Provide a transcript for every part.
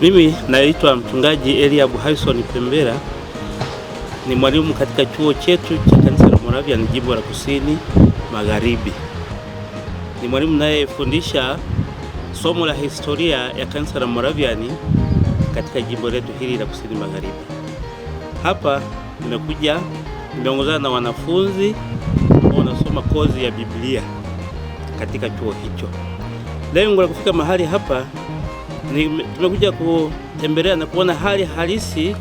Mimi naitwa mchungaji elia Harrison Pembera, ni mwalimu katika chuo chetu cha kanisa la Moravian jimbo la Kusini Magharibi. Ni mwalimu nayefundisha somo la historia ya kanisa la Moravian katika jimbo letu hili la Kusini Magharibi. Hapa nimekuja, nimeongozana na wanafunzi wanasoma kozi ya Biblia katika chuo hicho. Lengo la kufika mahali hapa tumekuja kutembelea na kuona hali halisi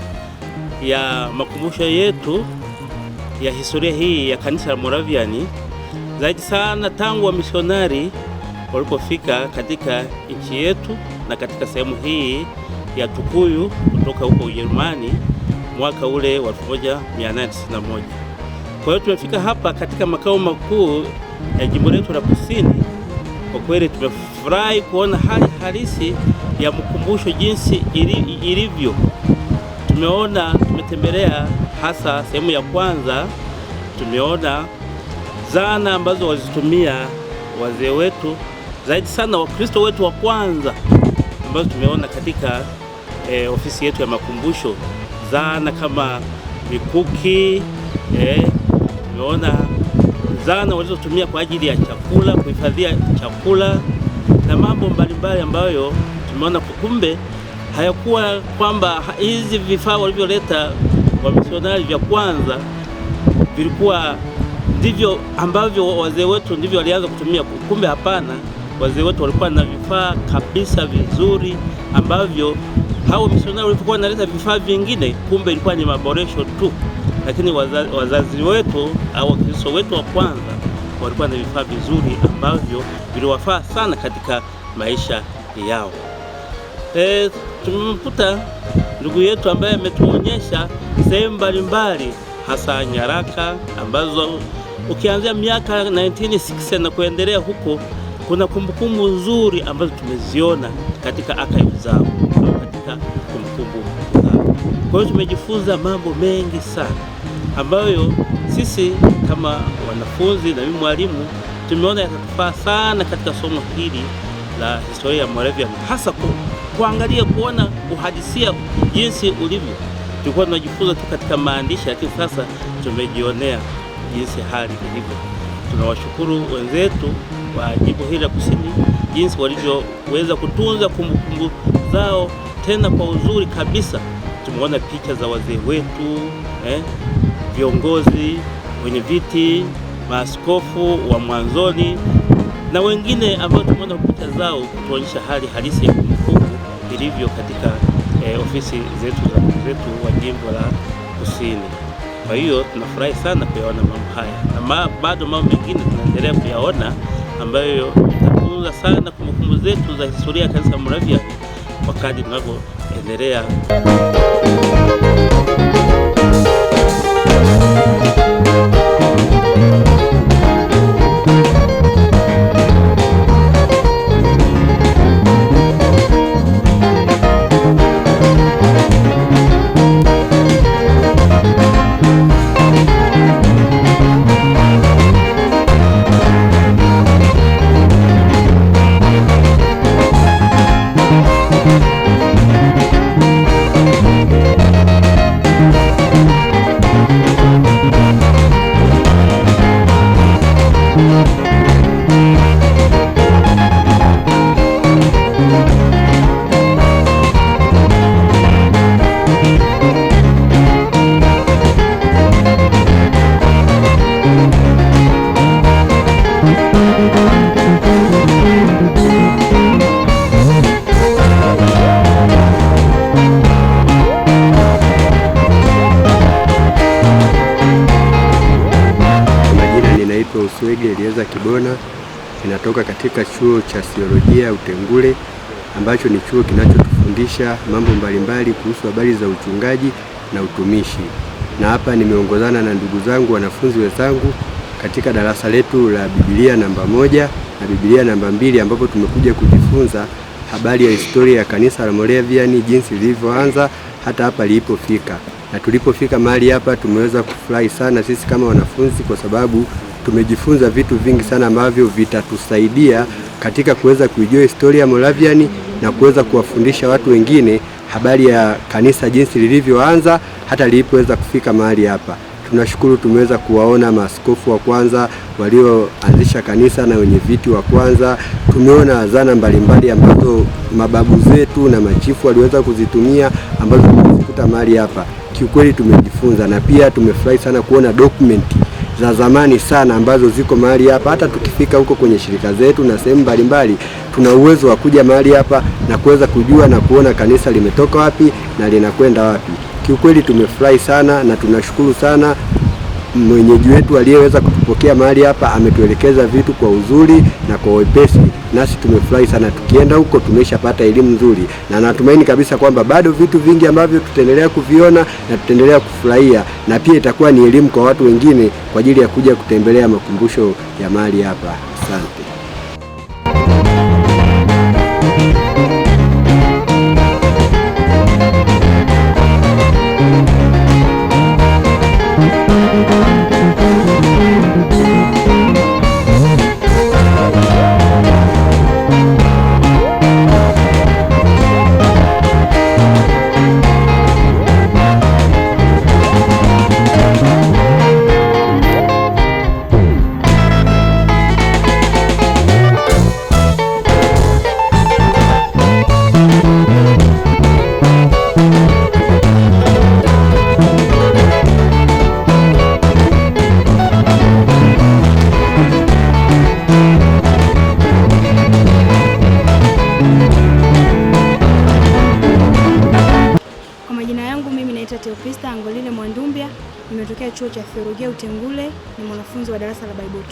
ya makumbusho yetu ya historia hii ya kanisa la Moraviani, zaidi sana tangu wamisionari walipofika katika nchi yetu na katika sehemu hii ya Tukuyu kutoka huko Ujerumani mwaka ule wa 1891. Kwa hiyo tumefika hapa katika makao makuu ya jimbo letu la Kusini kwa kweli tumefurahi kuona hali halisi ya Mkumbusho jinsi ilivyo. Tumeona, tumetembelea hasa sehemu ya kwanza, tumeona zana ambazo wazitumia wazee wetu, zaidi sana Wakristo wetu wa kwanza, ambazo tumeona katika e, ofisi yetu ya makumbusho, zana kama mikuki e, tumeona zana walizotumia kwa ajili ya chakula, kuhifadhia chakula na mambo mbalimbali ambayo tumeona kumbe hayakuwa kwamba hizi vifaa walivyoleta wamisionari vya kwanza vilikuwa ndivyo ambavyo wazee wetu ndivyo walianza kutumia. Kumbe hapana, wazee wetu walikuwa na vifaa kabisa vizuri ambavyo hao misionari walikuwa wanaleta vifaa vingine, kumbe ilikuwa ni maboresho tu lakini wazazi, wetu au Wakristo wetu wa kwanza walikuwa na vifaa vizuri ambavyo viliwafaa sana katika maisha yao. E, tumemkuta ndugu yetu ambaye ametuonyesha sehemu mbalimbali hasa nyaraka ambazo ukianzia miaka 1960 na kuendelea huko kuna kumbukumbu nzuri ambazo tumeziona katika archive zao katika kumbukumbu zao. Kwa hiyo tumejifunza mambo mengi sana ambayo sisi kama wanafunzi na mimi mwalimu tumeona yatatufaa sana katika somo hili la historia ya Moravian, hasa kuangalia kuona uhadisia jinsi ulivyo. Tulikuwa tunajifunza tu katika maandishi, lakini sasa tumejionea jinsi hali ilivyo. Tunawashukuru wenzetu wa jimbo hili la Kusini jinsi walivyoweza kutunza kumbukumbu zao tena kwa uzuri kabisa. Tumeona picha za wazee wetu eh viongozi, wenye viti maaskofu wa mwanzoni na wengine ambao tumeona kuta zao kutuonyesha hali halisi ya kumbukumbu ilivyo katika e, ofisi zetu za zetu wa jimbo la Kusini. Kwa hiyo tunafurahi sana kuyaona mambo haya na ma, bado mambo mengine tunaendelea kuyaona ambayo yatatunza sana kumbukumbu zetu za historia ya kanisa Moravia wakati tunavyoendelea inaitwa Uswege Elieza Kibona, inatoka katika chuo cha Siolojia Utengule, ambacho ni chuo kinachotufundisha mambo mbalimbali kuhusu habari za uchungaji na utumishi. Na hapa nimeongozana na ndugu zangu wanafunzi wenzangu katika darasa letu la Biblia namba moja na Biblia namba mbili ambapo tumekuja kujifunza habari ya historia ya kanisa la Moravian jinsi lilivyoanza hata hapa lilipofika. Na tulipofika mahali hapa tumeweza kufurahi sana sisi kama wanafunzi kwa sababu tumejifunza vitu vingi sana ambavyo vitatusaidia katika kuweza kuijua historia Moravian na kuweza kuwafundisha watu wengine habari ya kanisa jinsi lilivyoanza hata lilipoweza kufika mahali hapa. Tunashukuru tumeweza kuwaona maaskofu wa kwanza walioanzisha kanisa na wenye viti wa kwanza. Tumeona zana mbalimbali ambazo mababu zetu na machifu waliweza kuzitumia ambazo tumezikuta mahali hapa. Kiukweli tumejifunza na pia tumefurahi sana kuona dokumenti za zamani sana ambazo ziko mahali hapa. Hata tukifika huko kwenye shirika zetu na sehemu mbalimbali, tuna uwezo wa kuja mahali hapa na kuweza kujua na kuona kanisa limetoka wapi na linakwenda wapi. Kiukweli tumefurahi sana na tunashukuru sana mwenyeji wetu aliyeweza kutupokea mahali hapa, ametuelekeza vitu kwa uzuri na kwa wepesi nasi tumefurahi sana. Tukienda huko tumeshapata elimu nzuri, na natumaini kabisa kwamba bado vitu vingi ambavyo tutaendelea kuviona na tutaendelea kufurahia, na pia itakuwa ni elimu kwa watu wengine kwa ajili ya kuja kutembelea makumbusho ya mali hapa. Asante. naitwa Teofista Angoline Mwandumbia, nimetokea chuo cha Theologia Utengule, ni mwanafunzi wa darasa la Bible 2.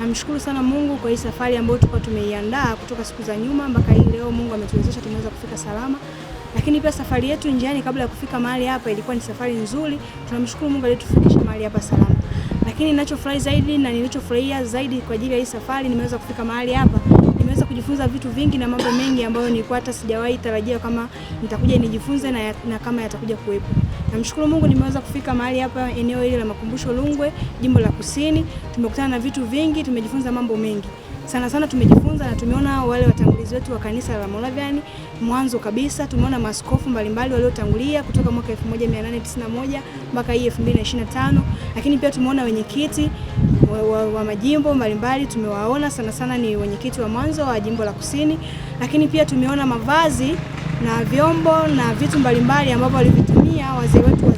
Namshukuru sana Mungu kwa hii safari ambayo tulikuwa tumeiandaa kutoka siku za nyuma mpaka hii leo. Mungu ametuwezesha tumeweza kufika salama, lakini pia safari yetu njiani kabla ya kufika mahali hapa ilikuwa ni safari nzuri. Tunamshukuru Mungu aliyetufikisha mahali hapa salama, lakini ninachofurahi zaidi na nilichofurahia zaidi kwa ajili ya hii safari, nimeweza kufika mahali hapa kujifunza vitu vingi na mambo mengi ambayo nilikuwa hata sijawahi tarajia kama nitakuja nijifunze na, na kama yatakuja kuwepo. Namshukuru Mungu nimeweza kufika mahali hapa eneo hili la Makumbusho lungwe jimbo la Kusini. Tumekutana na vitu vingi, tumejifunza mambo mengi sana sana tumejifunza na tumeona wale watangulizi wetu wa kanisa la Moravian. Mwanzo kabisa tumeona maskofu mbalimbali waliotangulia kutoka mwaka 1891 mpaka hii 2025, lakini pia tumeona wenyekiti wa, wa, wa majimbo mbalimbali tumewaona, sana sana ni wenyekiti wa mwanzo wa jimbo la Kusini, lakini pia tumeona mavazi na vyombo na vitu mbalimbali ambavyo walivitumia wazee wetu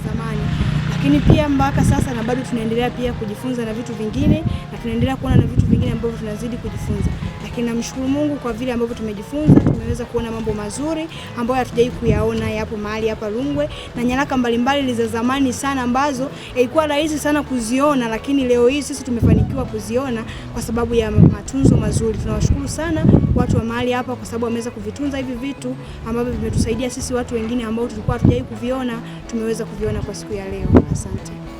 lakini pia mpaka sasa na bado tunaendelea pia kujifunza na vitu vingine na tunaendelea kuona na vitu vingine ambavyo tunazidi kujifunza, lakini namshukuru Mungu kwa vile ambavyo tumejifunza, tumeweza kuona mambo mazuri ambayo hatujai kuyaona yapo mahali hapa Rungwe, na nyaraka mbalimbali za zamani sana ambazo ilikuwa rahisi sana kuziona, lakini leo hii sisi tumefanikiwa kuziona kwa sababu ya matunzo mazuri. Tunawashukuru tunawashukuru sana watu wa mahali hapa, kwa sababu wameweza kuvitunza hivi vitu ambavyo vimetusaidia sisi watu wengine ambao tulikuwa hatujawahi kuviona, tumeweza kuviona kwa siku ya leo. Asante.